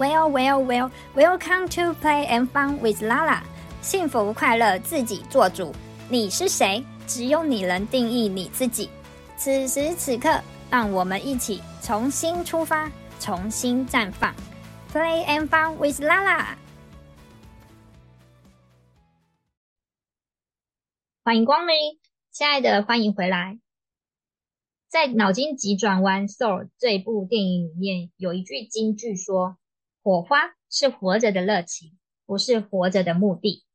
Well, well, well! Welcome to play and fun with Lala. 幸福快樂自己做主。你是誰？只有你能定義你自己。此時此刻，讓我們一起重新出發，重新綻放。Play and fun with Lala. 歡迎光臨，親愛的，歡迎回來。在《腦筋急轉彎》《Soul》這部電影裡面，有一句金句說。火花是活着的熱情，不是活着的目的。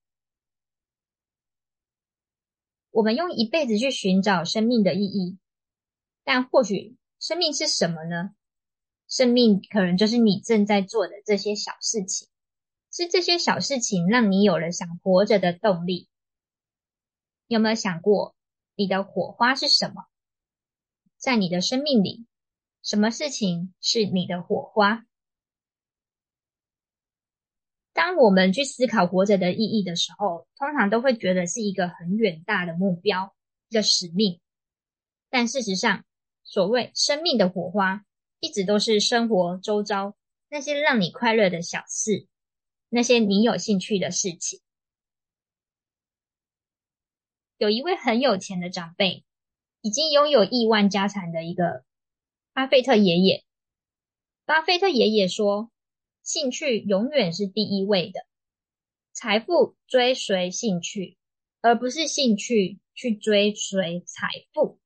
我們用一輩子去尋找生命的意義，但或許生命是什麼呢？生命可能就是你正在做的這些小事情，是這些小事情讓你有了想活着的動力。有沒有想過你的火花是什麼？在你的生命裡，什麼事情是你的火花？當我們去思考活着的意義的時候，通常都會覺得是一個很遠大的目標、一個使命。但事實上，所謂生命的火花，一直都是生活周遭那些讓你快樂的小事，那些你有興趣的事情。有一位很有錢的長輩，已經擁有億萬家產的一個巴菲特爺爺。巴菲特爺爺說，興趣永遠是第一位的，財富追隨興趣，而不是興趣去追隨財富。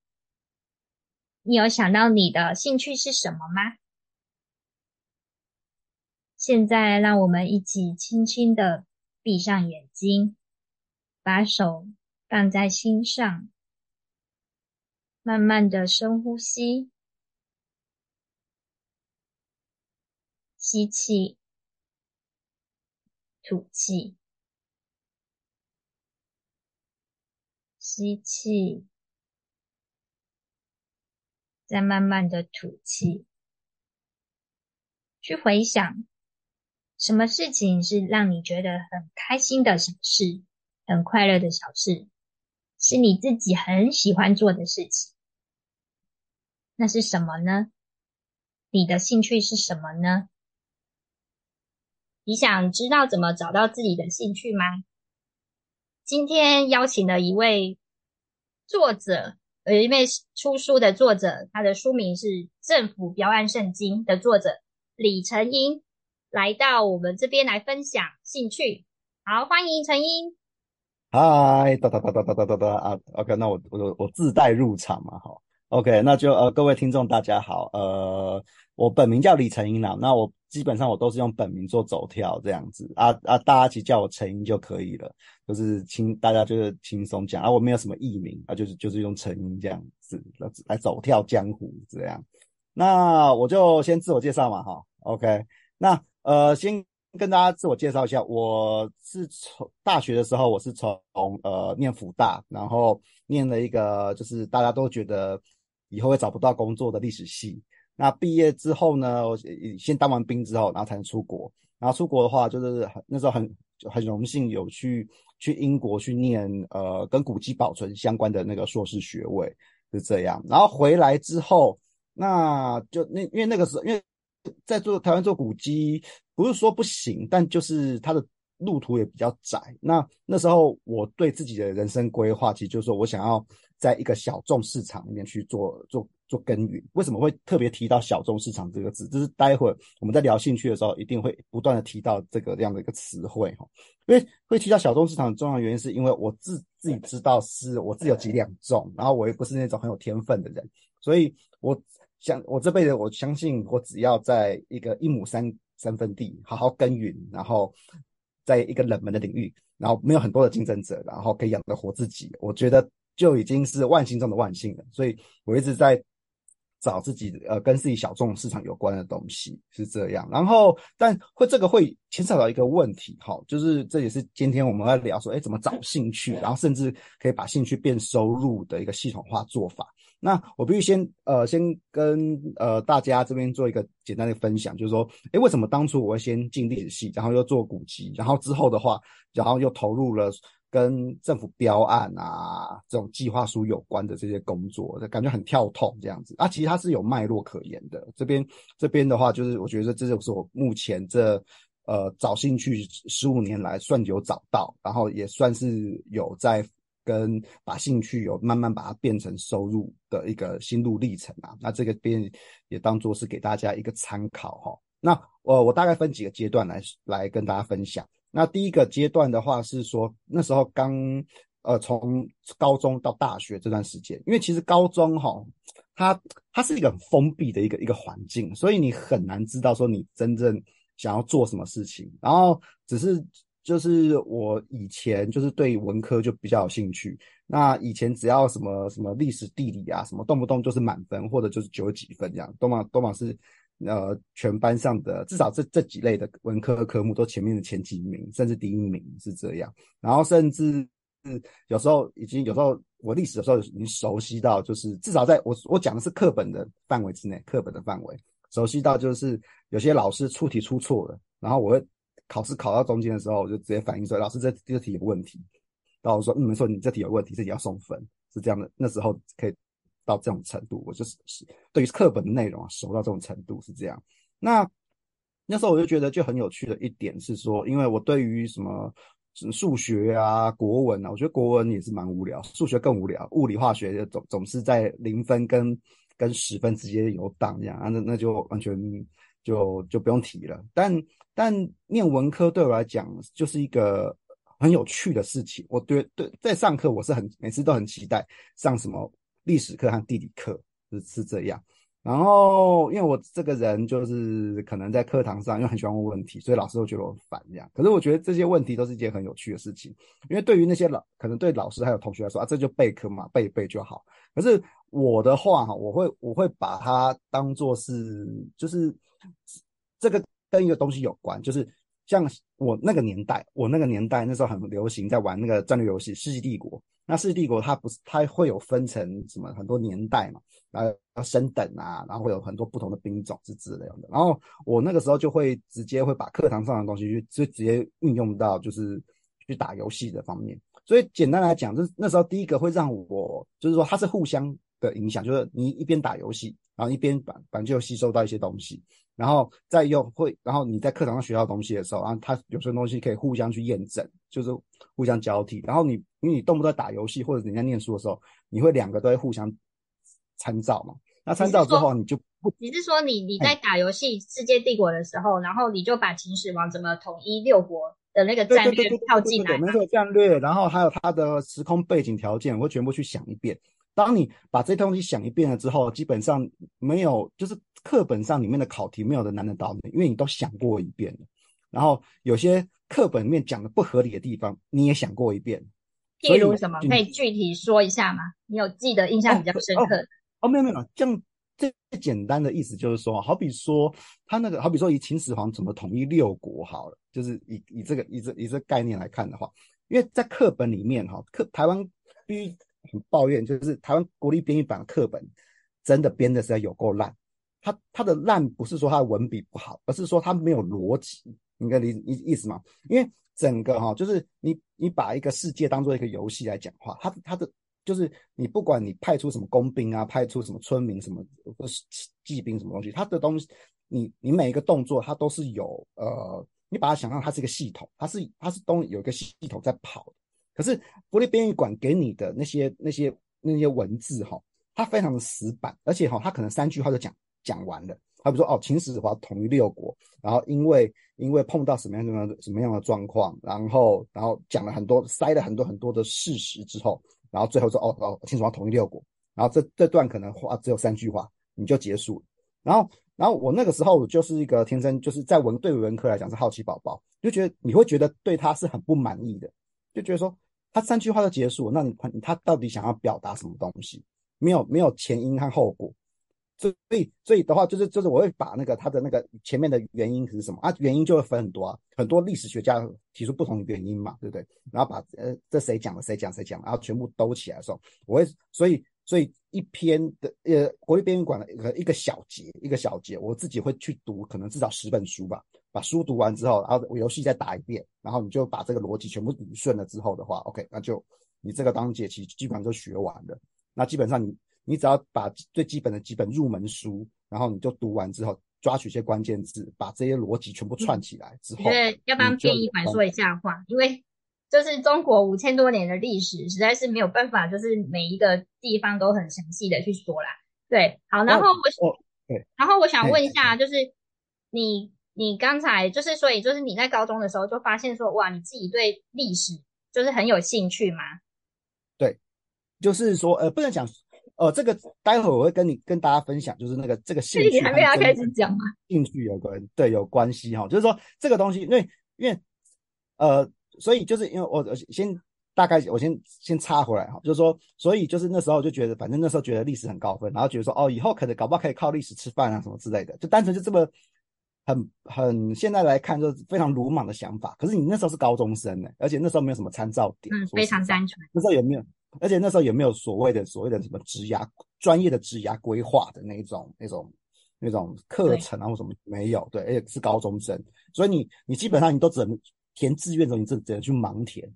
你有想到你的興趣是什麼嗎？現在讓我們一起輕輕的閉上眼睛，把手放在心上，慢慢的深呼吸。吸氣，吐氣，吸氣，再慢慢的吐氣。去回想，什麼事情是讓你覺得很開心的小事，很快樂的小事，是你自己很喜歡做的事情？那是什麼呢？你的興趣是什麼呢？你想知道怎麼找到自己的興趣嗎？今天邀請了一位作者，呃，一位出書的作者，他的書名是《政府標案勝經》的作者李承殷，來到我們這邊來分享興趣。好，歡迎承殷。嗨，噠噠噠噠噠噠噠啊！OK，那我我我自帶入場嘛，哈。OK，那就呃，各位聽眾大家好，呃，我本名叫李承殷啦，那我。基本上我都是用本名做走跳這樣子啊啊，大家其實叫我承殷就可以了，就是輕大家就是輕鬆講啊，我沒有什麼藝名啊就，就是就是用承殷這樣子來走跳江湖這樣。那我就先自我介紹嘛哈，OK，那呃先跟大家自我介紹一下，我是從大學的時候我是從呃念輔大，然後念了一個就是大家都覺得以後會找不到工作的歷史系。那畢業之後呢？我先當完兵之後，然後才能出國。然後出國的話，就是很那時候很很榮幸有去去英國去念呃跟古蹟保存相關的那個碩士學位，是這樣。然後回來之後，那就那因為那個時候，因為在做台灣做古蹟，不是說不行，但就是他的路途也比較窄。那那時候我對自己的人生規劃，其實就是說我想要在一個小眾市場裡面去做做。做耕耘，為什麼會特別提到小眾市場這個字？就是待會兒我們在聊興趣的時候，一定會不斷的提到這個這樣的一個詞彙哈。因為會提到小眾市場的重要的原因，是因為我自自己知道是我自己有幾兩重，對然後我又不是那種很有天分的人，所以我想我這輩子，我相信我只要在一個一畝三三分地好好耕耘，然後在一個冷門的領域，然後沒有很多的競爭者，然後可以養得活自己，我覺得就已經是萬幸中的萬幸了。所以我一直在。找自己呃跟自己小眾市場有關的東西是這樣，然後但會這個會牽扯到一個問題，好、哦，就是這也是今天我們要聊說，誒怎麼找興趣，然後甚至可以把興趣變收入的一個系統化做法。那我必須先呃先跟呃大家這邊做一個簡單的分享，就是說，誒為什麼當初我會先進歷史系，然後又做古籍，然後之後的話，然後又投入了。跟政府標案啊，這種計劃書有關的這些工作，就感覺很跳痛這樣子。啊，其實它是有脈絡可言的。這邊這邊的話，就是我覺得這就是我目前這呃找興趣十五年來算有找到，然後也算是有在跟把興趣有慢慢把它變成收入的一個心路歷程啊。那這個邊也當做是給大家一個參考哈、哦。那我、呃、我大概分幾個階段來來跟大家分享。那第一個階段的話是說，那時候剛呃從高中到大學這段時間，因為其實高中吼，它它是一個很封閉的一個一個環境，所以你很難知道說你真正想要做什麼事情。然後只是就是我以前就是對文科就比較有興趣。那以前只要什麼什麼歷史地理啊，什麼動不動就是滿分或者就是九幾分這樣，都馬都馬是。呃，全班上的至少這這幾類的文科科目都前面的前幾名，甚至第一名是這樣。然後甚至有時候已經，有時候我歷史的時候已經熟悉到，就是至少在我我講的是課本的範圍之內，課本的範圍熟悉到就是有些老師出題出錯了，然後我會考試考到中間的時候，我就直接反映說老師，這這題有問題。然後我說，嗯，沒錯，你這題有問題，這題要送分，是這樣的。那時候可以。到這種程度，我就是，是對於課本的內容啊熟到這種程度是這樣。那那時候我就覺得就很有趣的一點是說，因為我對於什麼數學啊、國文啊，我覺得國文也是蠻無聊，數學更無聊。物理、化學總總是在零分跟跟十分之間遊蕩，這樣，那那就完全就就不用提了。但但念文科對我來講就是一個很有趣的事情。我對，對，在上課我是很每次都很期待上什麼，歷史課和地理課是是這樣，然後因為我這個人就是可能在課堂上又很喜歡問問題，所以老師都覺得我很煩一樣。可是我覺得這些問題都是一件很有趣的事情，因為對於那些老可能對老師還有同學來說啊，這就背課嘛，背一背就好。可是我的話哈，我會我會把它當做是就是這個跟一個東西有關，就是像我那個年代，我那個年代那時候很流行在玩那個戰略遊戲《世紀帝國》。那世紀帝、帝國它不是它會有分成什麼很多年代嘛，然後升等啊，然後會有很多不同的兵種之類的。然後我那個時候就會直接會把課堂上的東西去就直接運用到就是去打遊戲的方面。所以簡單來講，就是那時候第一個會讓我就是說它是互相的影響，就是你一邊打遊戲，然後一邊把反正就吸收到一些東西。然後再用會，然後你在課堂上學到東西的時候，啊，它有些東西可以互相去驗證，就是互相交替。然後你因為你動不動打遊戲或者你在念書的時候，你會兩個都會互相參照嘛？那參照之後，你就不，你是說，你是說你你在打遊戲《世界帝國》的時候，哎、然後你就把秦始皇怎麼統一六國的那個戰略跳進來？沒錯，戰略，然後還有它的時空背景條件，我會全部去想一遍。當你把這些東西想一遍了之後，基本上沒有就是。課本上裡面的考題沒有的難得到你，因為你都想過一遍了。然後有些課本裡面講的不合理的地方，你也想過一遍。譬如什麼，可以具體說一下嗎？你有記得印象比較深刻的？哦哦哦。哦，沒有沒有，這樣最最簡單的意思就是說，好比說他那個，好比說以秦始皇怎麼統一六國好了，就是以以這個以這以這概念來看的話，因為在課本裡面哈、哦，課台灣必須很抱怨，就是台灣國立編譯版的課本真的編的是有夠爛。他他的爛不是說他文筆不好，而是說他沒有邏輯，你的理你意思嗎？因為整個哈、哦，就是你你把一個世界當做一個遊戲來講話，他他的就是你不管你派出什麼工兵啊，派出什麼村民什麼，騎兵什麼東西，他的東西，你你每一個動作，它都是有呃，你把它想象它是一個系統，它是它是都有一個系統在跑的。可是國立編譯館給你的那些那些那些文字哈、哦，它非常的死板，而且哈、哦，它可能三句話就講。講完了，他比如說哦，秦始皇統一六國，然後因為因為碰到什麼樣的什麼樣的狀況，然後然後講了很多塞了很多很多的事實之後，然後最後說哦哦，秦始皇統一六國，然後這這段可能話只有三句話，你就結束了。然後然後我那個時候我就是一個天生就是在文對文科來講是好奇寶寶，就覺得你會覺得對他是很不滿意的，就覺得說他三句話就結束了，那你，你他到底想要表達什麼東西？沒有沒有前因和後果。所以，所以，的話，就是，就是，我會把那個它的那個前面的原因是什麼啊？原因就會分很多，啊，很多歷史學家提出不同的原因嘛，對不對？然後把呃，這誰講了，誰講了，誰講了，然後全部兜起來的時候，我會，所以，所以一篇的呃，國立編譯館的一個小節，一個小節，我自己會去讀，可能至少十本書吧，把書讀完之後，然後遊戲再打一遍，然後你就把這個邏輯全部捋順了之後的話，OK，那就你這個章節其實基本上都學完了，那基本上你。你只要把最基本的幾本入門書，然後你就讀完之後，抓取一些關鍵字，把這些邏輯全部串起來之後，對、嗯，要不然編一版說一下話，嗯、因為就是中國五千多年的歷史，實在是沒有辦法，就是每一個地方都很詳細的去說啦。對，好，然後我，哦、對，然後我想問一下，就是你，你剛才就是所以就是你在高中的時候就發現說，哇，你自己對歷史就是很有興趣嗎？對，就是說，呃，不能講。哦、呃，這個待會我會跟你跟大家分享，就是那個這個興趣還沒有開始講嗎？興趣有關，對，有關係哈，就是說這個東西，因為因為呃，所以就是因為我我先大概我先先插回來哈，就是說，所以就是那時候就覺得，反正那時候覺得歷史很高分，然後覺得說哦，以後可能搞不好可以靠歷史吃飯啊什麼之類的，就單純就這麼很很，現在來看就是非常魯莽的想法。可是你那時候是高中生呢，而且那時候沒有什麼參照點，嗯，非常單純。那時候有沒有？而且那時候也沒有所謂的所謂的什麼職涯專業的職涯規劃的那種那種那種課程啊，對或什麼沒有。對，而且是高中生，所以你你基本上你都只能填志願的時候，你只只能去盲填，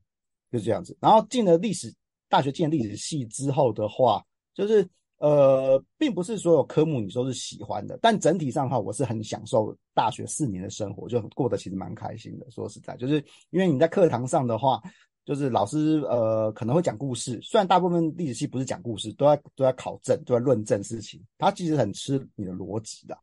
就是這樣子。然後進了歷史大學，進了歷史系之後的話，就是呃，並不是所有科目你都是喜歡的，但整體上的話，我是很享受大學四年的生活，就過得其實蠻開心的。說實在，就是因為你在課堂上的話。就是老師，呃，可能會講故事。雖然大部分歷史系不是講故事，都在都在考證，都在論證事情。他其實很吃你的邏輯的，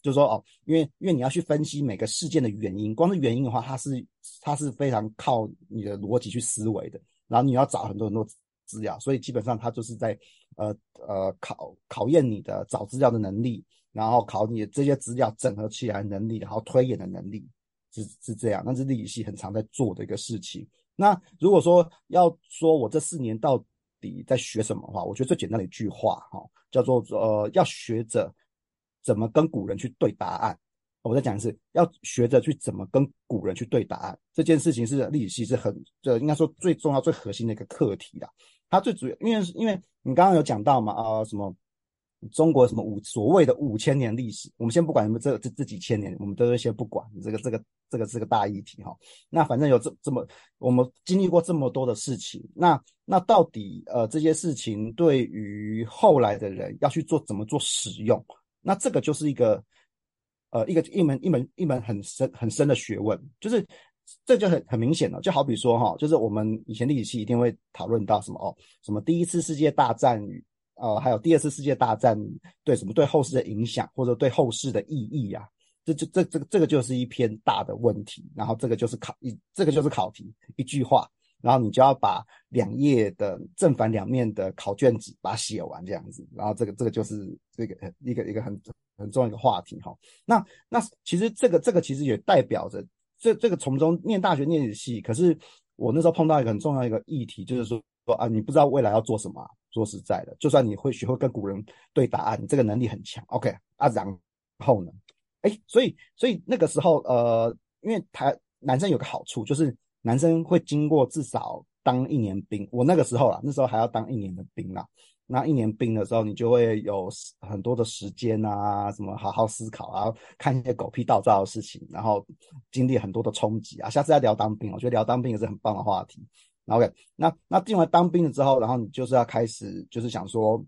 就是說哦，因為因為你要去分析每個事件的原因。光是原因的話，它是它是非常靠你的邏輯去思維的。然後你要找很多很多資料，所以基本上他就是在呃呃考考驗你的找資料的能力，然後考你的這些資料整合起來的能力，然後推演的能力是是這樣。那是歷史系很常在做的一個事情。那如果說要說我這四年到底在學什麼的話，我覺得最簡單的一句話哈，叫做呃，要學着怎麼跟古人去對答案。我再講一次，要學着去怎麼跟古人去對答案，這件事情是歷史系是很這應該說最重要、最核心的一個課題啦。它最主要，因為因為你剛剛有講到嘛，啊、呃、什麼。中國什麼五，所謂的五千年歷史，我們先不管什麼這這這幾千年，我們都先不管。這個這個這個是個大議題哈、哦。那反正有這這麼我們經歷過這麼多的事情，那那到底呃這些事情對於後來的人要去做怎麼做使用，那這個就是一個呃一個一門一門一門很深很深的學問，就是這就很很明顯了。就好比說哈、哦，就是我們以前歷史系一定會討論到什麼哦，什麼第一次世界大戰與。哦，還有第二次世界大戰，對什麼對後世的影響，或者對後世的意義啊？這就這這個這個就是一篇大的問題，然後這個就是考一，這個就是考題一句話，然後你就要把兩頁的正反兩面的考卷子把它寫完這樣子，然後這個這個就是這個一個一個,一個很很重要一個話題哈、哦。那那其實這個這個其實也代表着這這個從中念大學念語系，可是我那時候碰到一個很重要一個議題，就是說說啊，你不知道未來要做什麼、啊。說實在的，就算你會學會跟古人對答案，你這個能力很強。OK 啊，然後呢？哎，所以所以那個時候，呃，因為他男生有個好處，就是男生會經過至少當一年兵。我那個時候啦，那時候還要當一年的兵啦。那一年兵的時候，你就會有很多的時間啊，什麼好好思考啊，看一些狗屁倒灶的事情，然後經歷很多的衝擊啊。下次再聊當兵，我覺得聊當兵也是很棒的話題。OK，那那定完當兵了之後，然後你就是要開始，就是想說，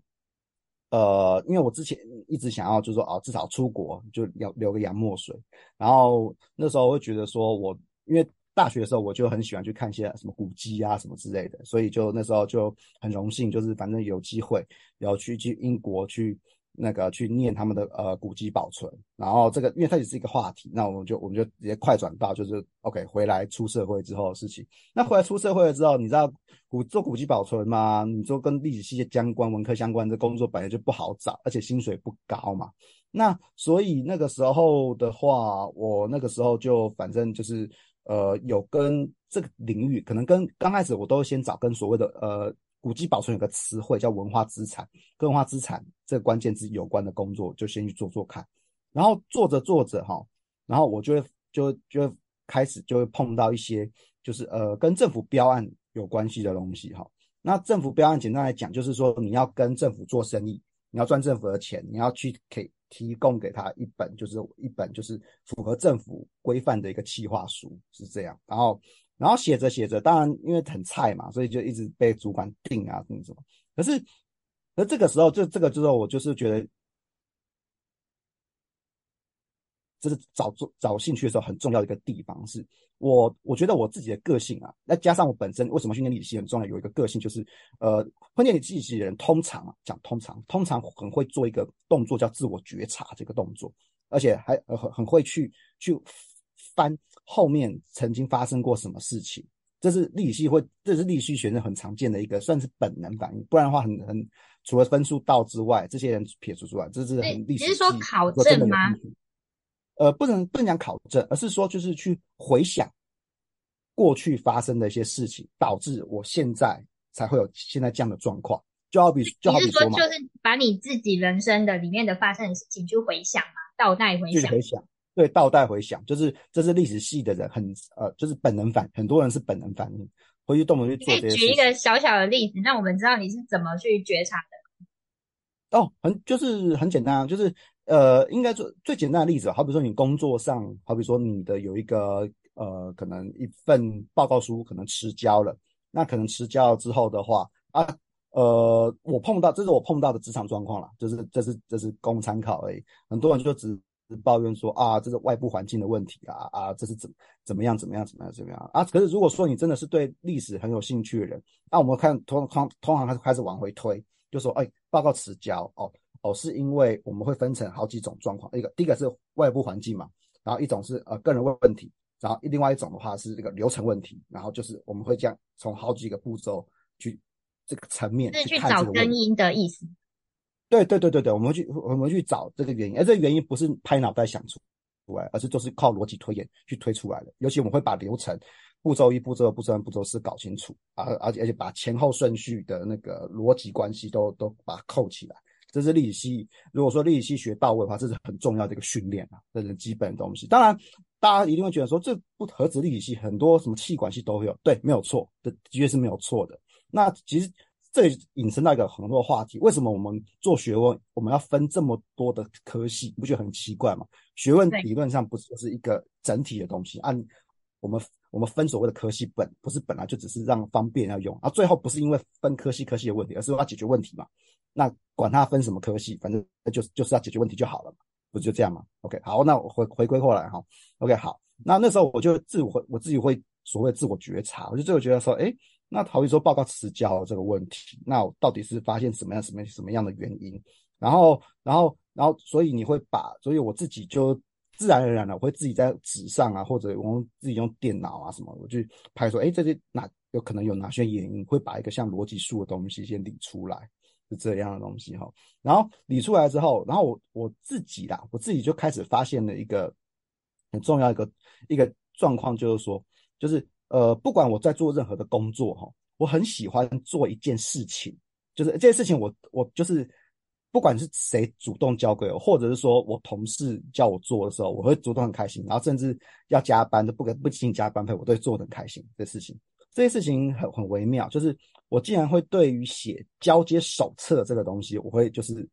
呃，因為我之前一直想要，就是說，哦、啊，至少出國就要留個洋墨水。然後那時候我會覺得說我，我因為大學的時候我就很喜歡去看一些什麼古蹟啊什麼之類的，所以就那時候就很榮幸，就是反正有機會要去去英國去。那個去念他們的呃古籍保存，然後這個因為它也是一個話題，那我們就我們就直接快轉到就是 OK 回來出社會之後的事情。那回來出社會了之後，你知道古做古籍保存嘛？你說跟歷史系相關、文科相關的工作本來就不好找，而且薪水不高嘛。那所以那個時候的話，我那個時候就反正就是呃有跟這個領域，可能跟剛開始我都先找跟所謂的呃。古籍保存有個詞彙叫文化資產，跟文化資產這關鍵字有關的工作就先去做做看，然後做着做着哈，然後我就會就就開始就會碰到一些就是呃跟政府標案有關係的東西哈。那政府標案簡單來講就是說你要跟政府做生意，你要賺政府的錢，你要去給提供給他一本就是一本就是符合政府規範的一個企劃書是這樣，然後，然後寫着寫着，當然因為很菜嘛，所以就一直被主管定啊，定什麼。可是，而這個時候，就這個時候，我就是覺得，這是找找興趣的時候很重要的一個地方是，我我覺得我自己的個性啊，那加上我本身為什麼訓練歷史系，很重要。有一個個性就是，呃，碰見你自己的人通常啊，講通常，通常很會做一個動作叫自我覺察這個動作，而且還很很會去去翻。後面曾經發生過什麼事情？這是歷史會，這是歷史學生很常見的一個算是本能反應。不然的話很，很很除了分數到之外，這些人撇除出來，這是歷史。你是說考證嗎？呃，不能不能講考證，而是說就是去回想過去發生的一些事情，導致我現在才會有現在這樣的狀況。就好比，就好比說嘛，說就是把你自己人生的裡面的發生的事情去回想嘛，倒帶回想。去回想對，倒帶回想，就是這是歷史系的人很呃，就是本能反，很多人是本能反應，回去動手去做這些。舉一個小小的例子，那我們知道你是怎麼去覺察的。哦，很就是很簡單啊，就是呃，應該說最最簡單的例子，好比說你工作上，好比說你的有一個呃，可能一份報告書可能遲交了，那可能遲交了之後的話，啊呃，我碰到這是我碰到的職場狀況啦，就是這是這是供參考而已，很多人就只。抱怨說啊，這是外部環境的問題啊啊，這是怎怎麼樣怎麼樣怎麼樣怎麼樣啊？可是如果說你真的是對歷史很有興趣的人，那、啊、我們看通常通常開始開始往回推，就說哎，報告遲交哦哦，是因為我們會分成好幾種狀況，一個第一個是外部環境嘛，然後一種是呃個人問題，然後另外一種的話是這個流程問題，然後就是我們會這樣從好幾個步驟去這個層面是去找根因的意思。對對對對對，我們去我們去找這個原因，而這個原因不是拍腦袋想出來，而是就是靠邏輯推演去推出來的。尤其我們會把流程步驟一、步驟二、步驟三、步驟四搞清楚，而而且而且把前後順序的那個邏輯關係都都把它扣起來。這是歷史系，如果說歷史系學到位的話，這是很重要的一個訓練啊，這是基本的東西。當然，大家一定會覺得說，這不何止歷史系，很多什麼企管系都有。對，沒有錯的，的確是沒有錯的。那其實。這裡引申到一個很多話題，為什麼我們做學問，我們要分這麼多的科系，不覺得很奇怪嗎？學問理論上不是是一個整體的東西，按對、啊、我們我們分所謂的科系本，本不是本來就只是讓方便要用，然後最後不是因為分科系科系的問題，而是要解決問題嘛。那管它分什麼科系，反正就是就是要解決問題就好了嘛，不是就這樣嗎？OK，好，那我回回歸過來哈，OK，好，那那時候我就自我我自己會所謂自我覺察，我就最後覺得說，哎。那逃逸說報告遲交了這個問題，那我到底是發現什麼樣什麼什麼樣的原因？然後，然後，然後，所以你會把，所以我自己就自然而然的我會自己在紙上啊，或者我們自己用電腦啊什麼，我就拍說，哎，這些哪有可能有哪些原因會把一個像邏輯樹的東西先理出來，是這樣的東西哈。然後理出來之後，然後我我自己啦，我自己就開始發現了一個很重要一個一個狀況，就是說，就是。呃，不管我在做任何的工作哈、哦，我很喜歡做一件事情，就是這些事情我我就是，不管是誰主動交給我，或者是說我同事叫我做的時候，我會主動很開心，然後甚至要加班都不給不僅加班費，我都會做得很開心，這事情。這些事情很很微妙，就是我竟然會對於寫交接手冊這個東西，我會就是。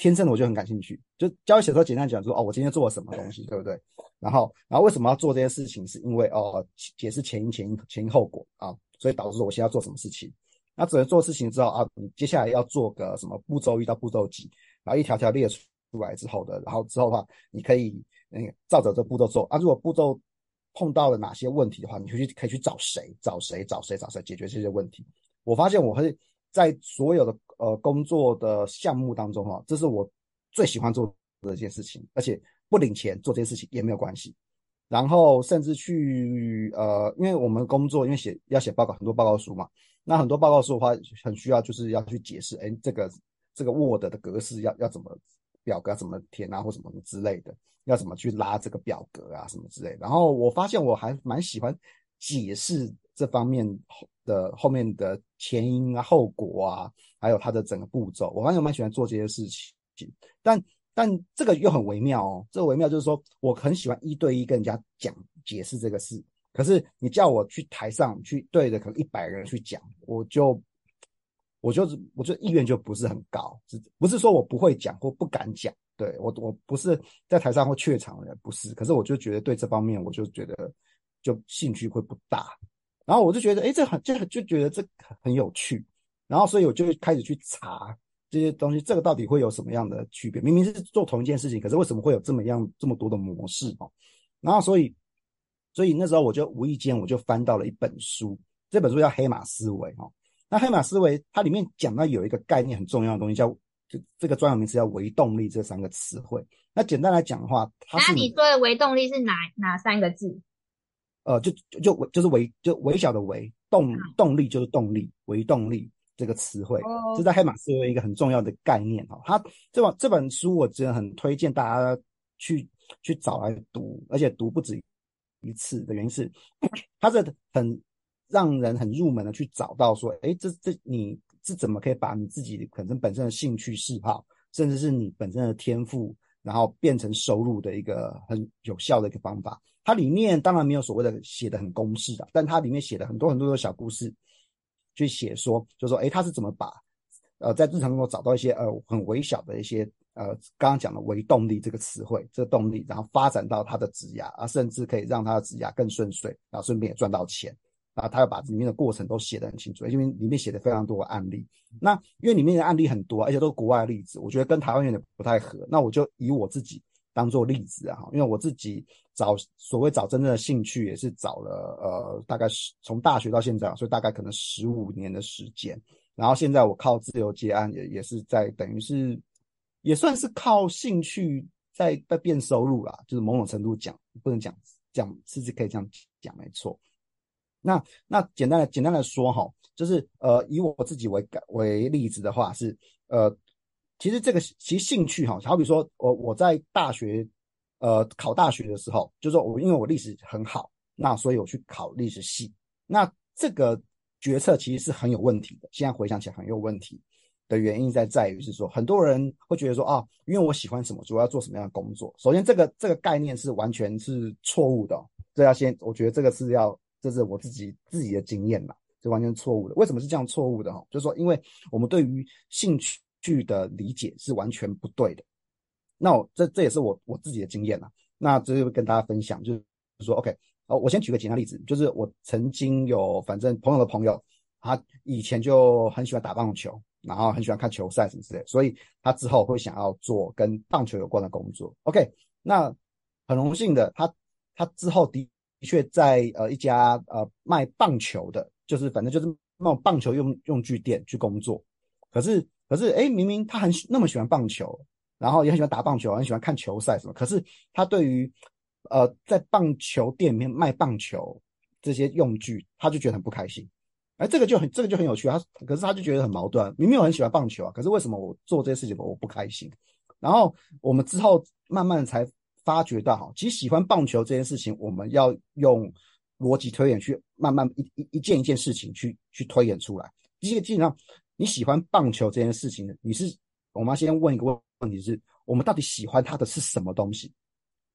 天生的我就很感興趣，就教易寫的時候簡單講說，哦，我今天做了什麼東西，對不對？然後，然後為什麼要做這件事情？是因為哦，解釋前因、前因、前因後果啊，所以導致我現在要做什麼事情。那只能做事情之後啊，你接下來要做個什麼步驟，一到步驟幾，然後一條條列出來之後的，然後之後的話，你可以你、嗯、照着這步驟做。啊，如果步驟碰到了哪些問題的話，你就去可以去找誰？找誰？找誰？找誰？解決這些問題。我發現我會。在所有的呃工作的項目當中啊，這是我最喜歡做的一件事情，而且不領錢做這件事情也沒有關係。然後甚至去呃，因為我們工作，因為寫要寫報告，很多報告書嘛，那很多報告書的話，很需要就是要去解釋，誒，這個這個 Word 的格式要要怎麼表格要怎麼填啊，或什麼之類的，要怎麼去拉這個表格啊，什麼之類的。然後我發現我還蠻喜歡。解釋這方面的後面的前因啊、後果啊，還有它的整個步驟，我發現我蠻喜歡做這些事情。但但這個又很微妙哦，這個微妙就是說，我很喜歡一對一跟人家講解釋這個事，可是你叫我去台上去對着可能一百個人去講，我就我就是我就意願就不是很高，不是說我不會講或不敢講，對，我我不是在台上會怯場的人，不是。可是我就覺得對這方面，我就覺得。就興趣會不大，然後我就覺得，哎、欸，這很，這很，就覺得這很有趣，然後所以我就開始去查這些東西，這個到底會有什麼樣的區別？明明是做同一件事情，可是為什麼會有這麼樣這麼多的模式哦、喔？然後所以，所以那時候我就無意間我就翻到了一本書，這本書叫《黑馬思維》哦、喔。那《黑馬思維》它裡面講到有一個概念很重要的東西叫，叫就這個專有名詞叫“微動力”這三個詞彙。那簡單來講的話，你那你說的“微動力”是哪哪三個字？呃，就就就，就是微，就微小的微，動動力就是動力，微動力這個詞彙，oh. 這在黑馬思維一個很重要的概念哈，哦。他這本這本書我真的很推薦大家去去找來讀，而且讀不止一次的原因是，它是很讓人很入門的去找到說，哎，這這你是怎麼可以把你自己本身本身的興趣嗜好，甚至是你本身的天賦。然後變成收入的一個很有效的一個方法。它裡面當然沒有所謂的寫的很公式啊，但它裡面寫的很多很多的小故事，去寫說，就是說，哎，他是怎麼把，呃，在日常中找到一些呃很微小的一些呃剛剛講的微動力這個詞彙，這個動力，然後發展到他的指甲，啊，甚至可以讓他的職涯更順遂，然後順便也賺到錢。啊，然後他要把裡面的過程都寫的很清楚，因為裡面寫的非常多的案例。那因為裡面的案例很多，而且都是國外的例子，我覺得跟台灣有點不太合。那我就以我自己當做例子啊，因為我自己找所謂找真正的興趣，也是找了呃，大概是從大學到現在，所以大概可能十五年的時間。然後現在我靠自由接案也，也也是在等於是，是也算是靠興趣在在變收入啦，就是某種程度講，不能講講，甚至可以這樣講，沒錯。那那簡單的簡單的說哈，就是呃以我自己為為例子的話是呃其實這個其實興趣哈，好比說我我在大學呃考大學的時候，就是說我因為我歷史很好，那所以我去考歷史系。那這個決策其實是很有問題的，現在回想起來很有問題的原因在在於是說很多人會覺得說啊，因為我喜歡什麼，所以我要做什麼樣的工作。首先這個這個概念是完全是錯誤的，這要先我覺得這個是要。這是我自己自己的經驗啦，這完全錯誤的。為什麼是這樣錯誤的？哦？哈，就是說，因為我們對於興趣的理解是完全不對的。那我這這也是我我自己的經驗啦。那這就跟大家分享，就是說，OK，哦，我先舉個簡單例子，就是我曾經有反正朋友的朋友，他以前就很喜歡打棒球，然後很喜歡看球賽什麼之類的，所以他之後會想要做跟棒球有關的工作。OK，那很榮幸的，他他之後的。的確，在呃一家呃賣棒球的，就是反正就是那種棒球用用具店，去工作。可是可是，哎，明明他很喜，那麼喜歡棒球，然後也很喜歡打棒球，很喜歡看球賽什麼。可是他對於呃在棒球店裡面賣棒球這些用具，他就覺得很不開心。哎，這個就很這個就很有趣。他可是他就覺得很矛盾，明明我很喜歡棒球啊，可是為什麼我做這些事情我不開心？然後我們之後慢慢的才發覺到哈，其實喜歡棒球這件事情，我們要用邏輯推演去慢慢一一一件一件事情去去推演出來。因為基本上你喜歡棒球這件事情你是，我們要先問一個問問題，是我們到底喜歡他的是什麼東西，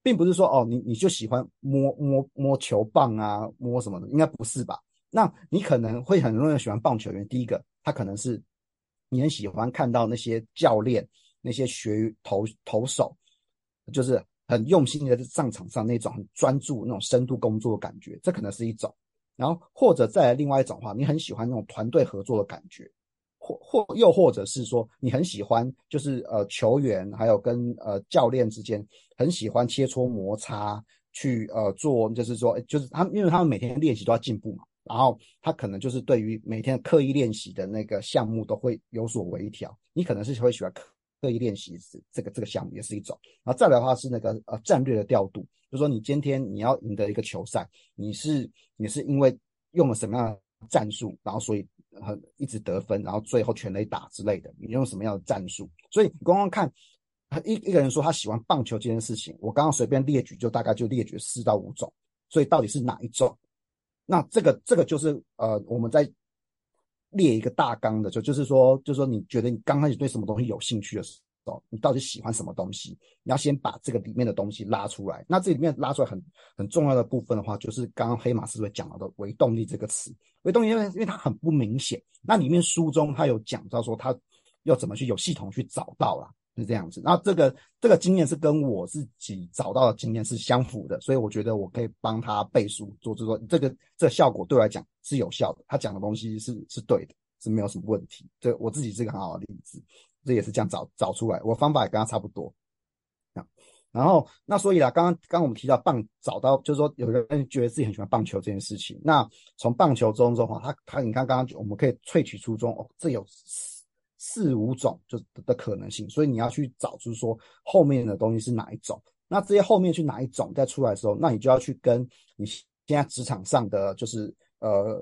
並不是說哦，你你就喜歡摸摸摸球棒啊，摸什麼的，應該不是吧？那你可能會很容易喜歡棒球員。第一個他可能是你很喜歡看到那些教練、那些學投投手，就是。很用心的在場上那種很專注、那種深度工作的感覺，這可能是一種。然後或者再來另外一種的話，你很喜歡那種團隊合作的感覺，或或又或者是說你很喜歡，就是呃球員還有跟呃教練之間很喜歡切磋摩擦去，去呃做就是說就是他們，因為他們每天練習都要進步嘛。然後他可能就是對於每天刻意練習的那個項目都會有所微調，你可能是會喜歡。刻意練習是這個這個項目也是一種，然後再來的話是那個呃戰略的調度，就是、說你今天你要贏得一個球賽，你是你是因為用了什麼樣的戰術，然後所以很、呃、一直得分，然後最後全壘打之類的，你用什麼樣的戰術？所以光光看一一個人說他喜歡棒球這件事情，我剛剛隨便列舉就大概就列舉四到五種，所以到底是哪一種？那這個這個就是呃我們在。列一個大綱的就就是說就是說，你覺得你剛開始對什麼東西有興趣的時候，你到底喜歡什麼東西？你要先把這個裡面的東西拉出來。那這裡面拉出來很很重要的部分的話，就是剛剛黑馬思維講到的“微動力”這個詞。微動力因為因為它很不明顯。那裡面書中它有講到說它要怎麼去有系統去找到啦、啊。是這樣子，那這個這個經驗是跟我自己找到的經驗是相符的，所以我覺得我可以幫他背書，做就是說這個這個、效果對我來講是有效的，他講的東西是是對的，是沒有什麼問題。這我自己是一個很好的例子，這也是這樣找找出來，我方法也跟他差不多啊。然後那所以啦，剛剛剛我們提到棒找到，就是說有人覺得自己很喜歡棒球這件事情，那從棒球中的話，他他你看剛剛我們可以萃取初衷哦，這有。四五種就的可能性，所以你要去找出說後面的東西是哪一種。那這些後面去哪一種再出來的時候，那你就要去跟你現在職場上的就是呃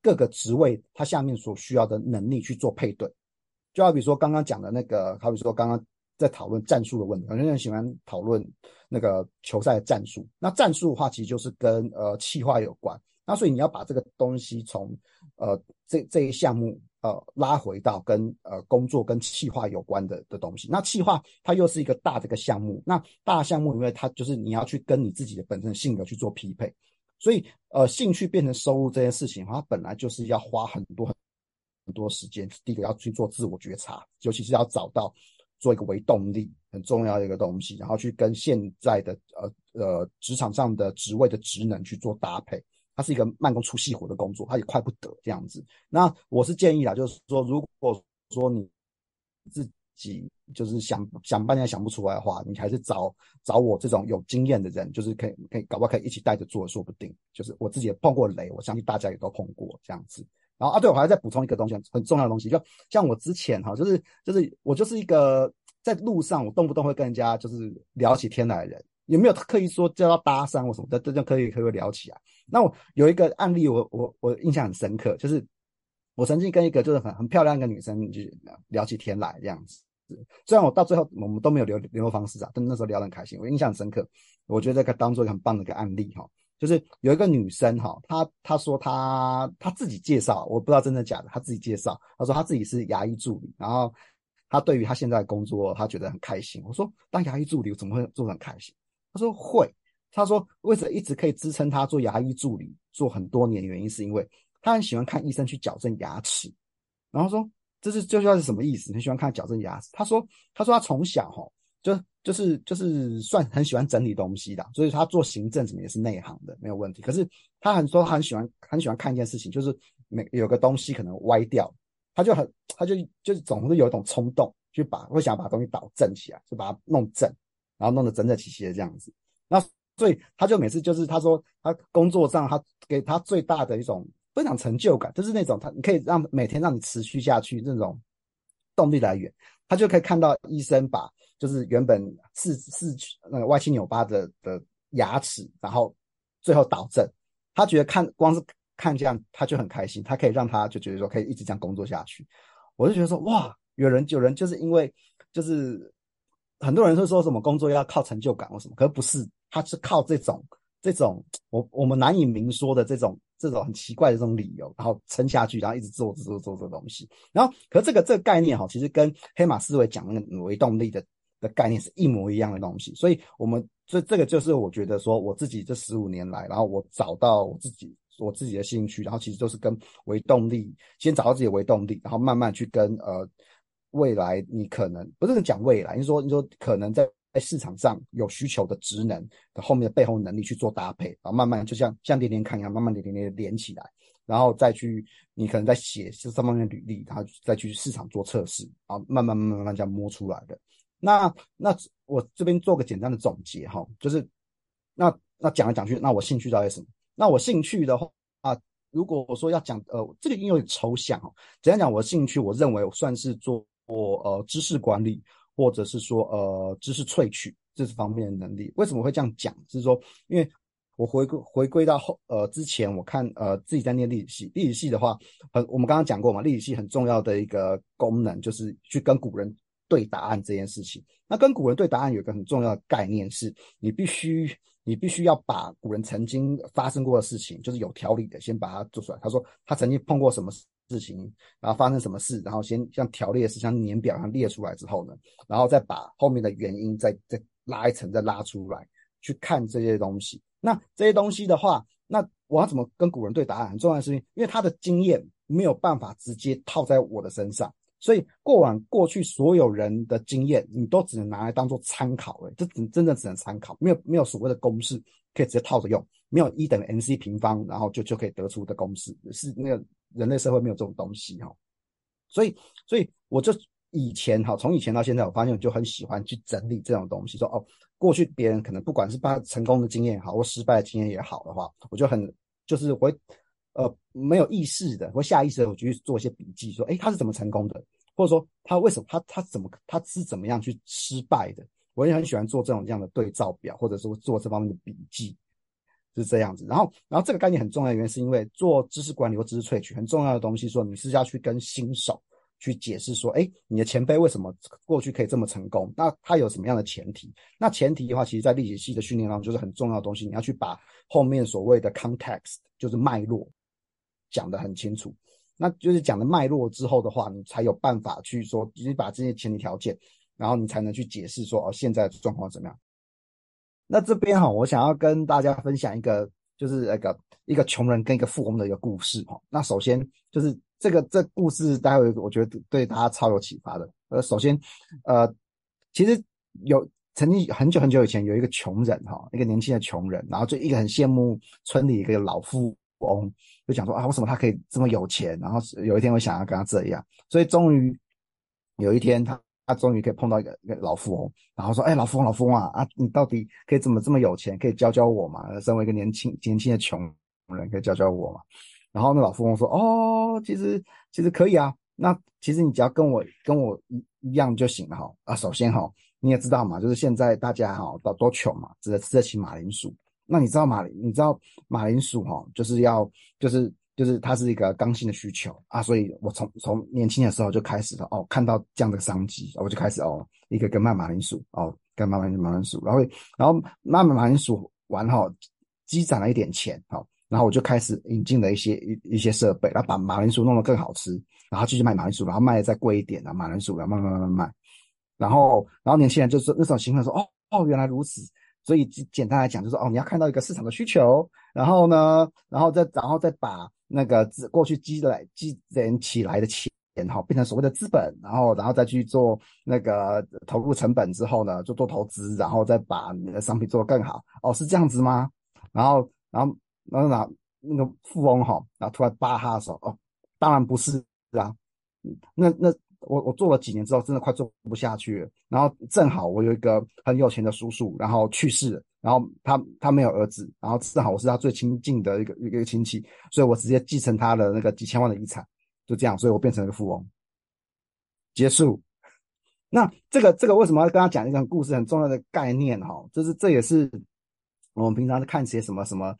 各個職位它下面所需要的能力去做配對。就好比說剛剛講的那個，好比說剛剛在討論戰術的問題，很多人喜歡討論那個球賽的戰術。那戰術的話，其實就是跟呃企劃有關。那所以你要把這個東西從呃這這一項目。呃，拉回到跟呃工作跟企劃有關的的東西。那企劃它又是一個大的一個項目。那大項目，因為它就是你要去跟你自己的本身性格去做匹配，所以呃，興趣變成收入這件事情，它本來就是要花很多很多時間。第一個要去做自我覺察，尤其是要找到做一個為動力很重要的一個東西，然後去跟現在的呃呃職場上的職位的職能去做搭配。它是一個慢工出細活的工作，它也快不得這樣子。那我是建議啦，就是說，如果說你自己就是想想半天想不出來的話，你還是找找我這種有經驗的人，就是可以可以搞不好可以一起帶着做，說不定。就是我自己也碰過雷，我相信大家也都碰過這樣子。然後啊對，對，我還要再補充一個東西，很重要的東西，就像我之前哈，就是就是我就是一個在路上我動不動會跟人家就是聊起天來的人，有沒有刻意說叫他搭訕或什麼的，這就，就可以就可以聊起來。那我有一個案例我，我我我印象很深刻，就是我曾經跟一個就是很很漂亮一個女生就是聊起天來這樣子。雖然我到最後我們都沒有留聯絡方式啊，但那時候聊得很開心。我印象很深刻，我覺得可以當做一個很棒的一個案例哈。就是有一個女生哈，她她說她她自己介紹，我不知道真的假的，她自己介紹，她說她自己是牙醫助理，然後她對於她現在的工作她覺得很開心。我說當牙醫助理我怎麼會做得很開心？她說會。他說：“為什麼一直可以支撐他做牙醫助理做很多年的原因，是因為他很喜歡看醫生去矯正牙齒。”然後說：“這是這句是什麼意思？很喜歡看矯正牙齒。”他說：“他說他從小哈，就就是就是算很喜歡整理東西的，所以他做行政什麼也是內行的，沒有問題。可是他很說很喜歡很喜歡看一件事情，就是每有個東西可能歪掉，他就很他就就是總是有一種衝動去把會想把東西導正起來，就把它弄正，然後弄得整整齊齊的這樣子。”那所以他就每次就是他說他工作上他給他最大的一種非常成就感，就是那種他你可以讓每天讓你持續下去那種動力來源。他就可以看到醫生把就是原本是是，那個歪七扭八的的牙齒，然後最後導正。他覺得看光是看這樣他就很開心，他可以讓他就覺得說可以一直這樣工作下去。我就覺得說哇，有人有人就是因為就是很多人會說什麼工作要靠成就感或什麼，可是不是。他是靠這種、這種我我們難以明說的這種、這種很奇怪的這種理由，然後撐下去，然後一直做、做、做、做，做東西。然後，可是這個這個概念哈、哦，其實跟黑馬思維講那個微動力的的概念是一模一樣的東西。所以，我們這這個就是我覺得說，我自己這十五年來，然後我找到我自己我自己的興趣，然後其實就是跟微動力，先找到自己的微動力，然後慢慢去跟呃未來你可能不是講未來，你說你說可能在。在市場上有需求的職能的後面的背後能力去做搭配，然後慢慢就像像連連看一樣，慢慢的連連連,連,連,連起來，然後再去你可能在寫這方面的履歷，然後再去市場做測試，然後慢慢慢慢慢慢這樣摸出來的。那那我這邊做個簡單的總結哈，就是那那講來講去，那我興趣到底什麼？那我興趣的話啊，如果我說要講呃，這個應用有點抽象哦，怎樣講我興趣？我認為我算是做呃知識管理。或者是說，呃，知識萃取，這是方面的能力，為什麼會這樣講？就是說，因為我回歸回歸到後，呃，之前我看，呃，自己在念歷史系，歷史系的話，很、呃，我們剛剛講過嘛，歷史系很重要的一個功能，就是去跟古人對答案這件事情。那跟古人對答案有一個很重要的概念是，是你必須，你必須要把古人曾經發生過的事情，就是有條理的先把它做出來。他說，他曾經碰過什麼事？事情，然後發生什麼事，然後先像條列式、像年表上列出來之後呢，然後再把後面的原因再再拉一層，再拉出來去看這些東西。那這些東西的話，那我要怎麼跟古人對答案？很重要的事情，因為他的經驗沒有辦法直接套在我的身上，所以過往過去所有人的經驗，你都只能拿來當做參考、欸。哎，這你真的只能參考，沒有沒有所謂的公式可以直接套着用，沒有一等於 MC 平方，然後就就可以得出的公式是那個。人類社會沒有這種東西哈，所以所以我就以前哈，從以前到現在，我發現我就很喜歡去整理這種東西，說哦，過去別人可能不管是他成功的經驗也好，或失敗的經驗也好的話，我就很就是我會呃沒有意識的，我會下意識的我就去做一些筆記，說哎，欸，他是怎麼成功的，或者說他為什麼他他怎麼他是怎麼樣去失敗的，我也很喜歡做這種這樣的對照表，或者說做這方面的筆記。是這樣子，然後，然後這個概念很重要的原因，是因為做知識管理或知識萃取很重要的東西，說你是要去跟新手去解釋說，哎，你的前輩為什麼過去可以這麼成功？那他有什麼樣的前提？那前提的話，其實在歷史系的訓練當中就是很重要的東西，你要去把後面所謂的 context 就是脈絡講得很清楚。那就是講的脈絡之後的話，你才有辦法去說，你把這些前提條件，然後你才能去解釋說，哦，現在狀況怎麼樣？那這邊哈、哦，我想要跟大家分享一個，就是那個一個窮人跟一個富翁的一個故事哈、哦。那首先就是這個這個、故事，待會我覺得對大家超有啟發的。呃，首先，呃，其實有曾經很久很久以前，有一個窮人哈、哦，一個年輕的窮人，然後就一個很羨慕村裡一個老富翁，就想說啊，為什麼他可以這麼有錢？然後有一天，我想要跟他這樣。所以終於有一天他。他終於可以碰到一個老富翁，然後說：“哎，老富翁，老富翁啊，啊，你到底可以怎麼這麼有錢？可以教教我嘛？身為一個年輕年輕的窮人，可以教教我嘛？”然後那老富翁說：“哦，其實其實可以啊。那其實你只要跟我跟我一一樣就行了哈。啊，首先哈、哦，你也知道嘛，就是現在大家哈都都窮嘛，只能吃得起馬鈴薯。那你知道馬鈴，你知道馬鈴薯哈、哦，就是要就是。”就是它是一個剛性的需求啊，所以我從從年輕的時候就開始了哦，看到這樣的商機，我就開始哦，一個跟賣馬鈴薯哦，跟賣馬，馬鈴薯，然後然後賣馬鈴薯完後、哦、積攢了一點錢哈、哦，然後我就開始引進了一些一一些設備，然後把馬鈴薯弄得更好吃，然後繼續賣馬鈴薯，然後賣得再貴一點的馬鈴薯，然後慢慢慢慢賣，然後然後年輕人就是那種情況說哦哦，原來如此，所以簡單來講就是說哦，你要看到一個市場的需求，然後呢，然後再然後再把。那個資過去積累、積累起來的錢哈、哦，變成所謂的資本，然後，然後再去做那個投入成本之後呢，就做投資，然後再把你的商品做得更好。哦，是這樣子嗎？然後，然後，然後那那個富翁哈、哦，然後突然扒他的手，哦，當然不是啦、啊，那那。我我做了幾年之後，真的快做不下去了，然後正好我有一個很有錢的叔叔，然後去世了，然後他他沒有兒子，然後正好我是他最親近的一個一個親戚，所以我直接繼承他的那個幾千萬的遺產，就這樣，所以我變成了富翁。結束。那這個這個為什麼要跟他講一個故事，很重要的概念哈，就是這也是。我們、嗯、平常看一些什麼什麼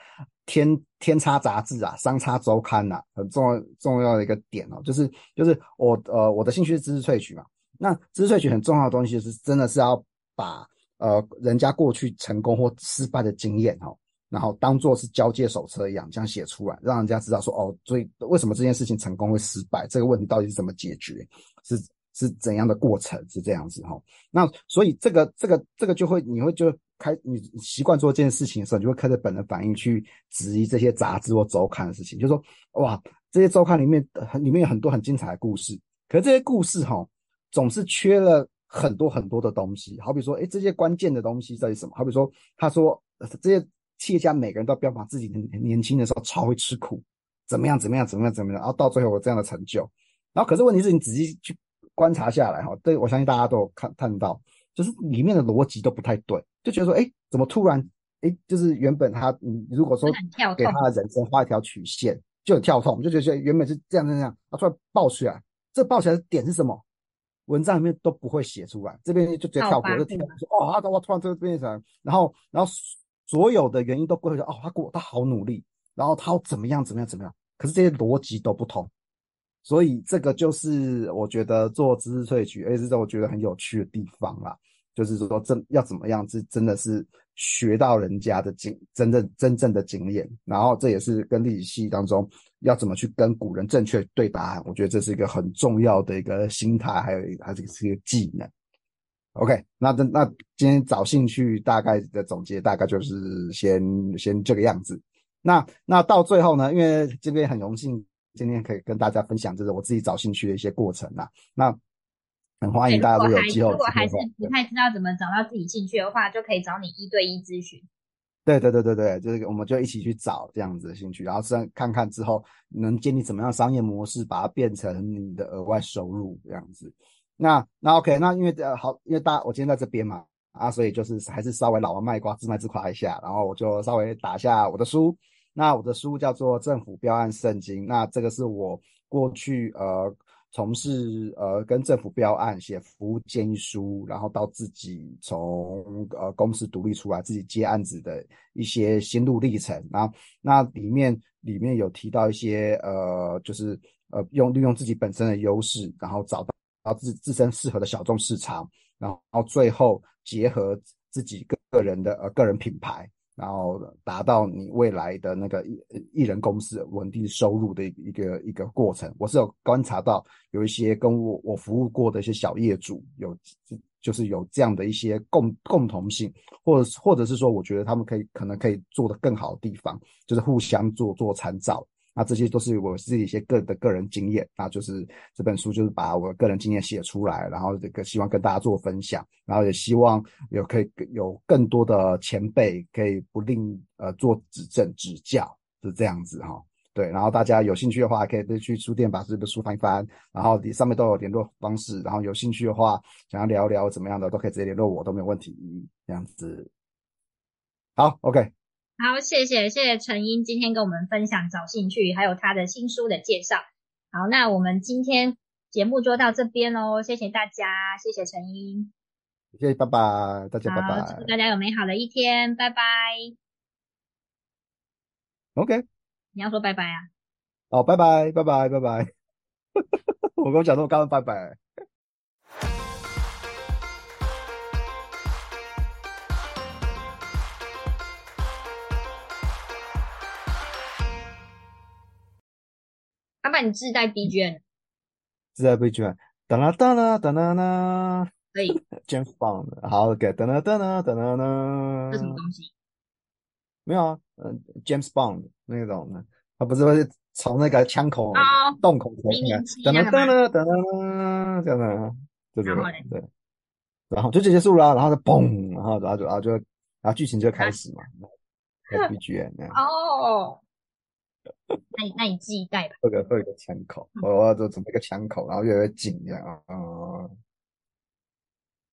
天《天天差》雜誌啊，《商差周刊》啊，很重要重要的一個點哦、喔，就是就是我呃我的興趣是知識萃取嘛。那知識萃取很重要的東西就是真的是要把呃人家過去成功或失敗的經驗哦、喔，然後當做是交接手冊一樣，這樣寫出來，讓人家知道說哦、喔，所以為什麼這件事情成功會失敗，這個問題到底是怎麼解決是。是怎樣的過程？是這樣子哈、哦。那所以這個這個這個就會，你會就開，你習慣做這件事情的時候，你就會開始本能反應去質疑這些雜誌或周刊的事情。就是、說哇，這些周刊裡面很，裡面有很多很精彩的故事，可是這些故事哈、哦，總是缺了很多很多的東西。好比說，哎，這些關鍵的東西在於什麼？好比說，他說這些企業家每個人都要標榜自己年年輕的時候超會吃苦，怎麼樣怎麼樣怎麼樣怎麼樣，然後到最後有這樣的成就。然後可是問題是你仔細去。觀察下來哈，對我相信大家都有看看、看到，就是裡面的邏輯都不太對，就覺得說，哎、欸，怎麼突然，哎、欸，就是原本他，如果說給他的人生畫一條曲線，就有跳動，就覺得原本是這樣這樣這樣，他突然爆出來，這爆起來的點是什麼？文章裡面都不會寫出來，這邊就直接跳過，吧就聽到說，他突然就變成，然後然後所有的原因都過去說，哦，他過他好努力，然後他要怎麼樣怎麼樣怎麼樣，可是這些邏輯都不通。所以這個就是我覺得做知識萃取，而且是我覺得很有趣的地方啦。就是說真，真要怎麼樣，是真的是學到人家的經，真正真正的經驗。然後，這也是跟歷史系當中要怎麼去跟古人正確對答案，我覺得這是一個很重要的一個心態，還有一個還是個是一個技能。OK，那這那今天找興趣大概的總結，大概就是先先這個樣子。那那到最後呢，因為這邊很榮幸。今天可以跟大家分享，就是我自己找興趣的一些過程啦、啊。那很歡迎大家都有機會如果，如果還是不太知道怎麼找到自己興趣的話，就可以找你一對一諮詢。對對對對對，就是我們就一起去找這樣子的興趣，然後看看看之後能建立怎麼樣商業模式，把它變成你的額外收入這樣子。那那 OK，那因為呃好，因為大家我今天在這邊嘛啊，所以就是還是稍微老王賣瓜自賣自誇一下，然後我就稍微打下我的書。那我的書叫做《政府標案勝經》，那這個是我過去呃從事呃跟政府標案寫服務建議書，然後到自己從呃公司獨立出來，自己接案子的一些心路歷程。然後那裡面裡面有提到一些呃，就是呃用利用自己本身的優勢，然後找到自自身適合的小眾市場然，然後最後結合自己個人的呃個人品牌。然後達到你未來的那個一人公司穩定收入的一一個一個過程，我是有觀察到有一些跟我我服務過的一些小業主有，就是有這樣的一些共共同性，或者或者是說，我覺得他們可以可能可以做得更好的地方，就是互相做做參照。那這些都是我自己一些個的個人經驗，那就是這本書就是把我個人經驗寫出來，然後這個希望跟大家做分享，然後也希望有可以有更多的前輩可以不吝呃做指正指教，就是這樣子哈、哦。對，然後大家有興趣的話，可以去書店把這本書翻一翻，然後上面都有聯絡方式，然後有興趣的話想要聊一聊怎麼樣的，都可以直接聯絡我都沒有問題，這樣子。好，OK。好，謝謝謝謝承殷今天跟我們分享找興趣，還有他的新書的介紹。好，那我們今天節目就到這邊哦，謝謝大家，謝謝承殷，謝謝，拜拜，大家拜拜，祝大家有美好的一天，拜拜。OK，你要說拜拜啊？哦，拜拜，拜拜，拜拜，我跟我講那麼高拜拜。Bye bye. 那你自帶 BGM，自帶 BGM，噠等噠等噠等啦，可以 James Bond，好給噠、okay, 啦噠啦噠啦啦，這什麼東西？沒有啊，嗯，James Bond 那種的，他不是不是會從那個槍口、oh, 洞口出來，噠等噠等噠等啦，啦 oh, 這樣的，就是好對，然後就結束了、啊，然後就嘣，然後然後然後就然後劇情就開始嘛 ，BGM 那樣哦。Oh. 那你，那你自己帶吧做。做一個做個槍口，嗯、我我就準備個槍口，然後越來越緊一點啊。啊、嗯。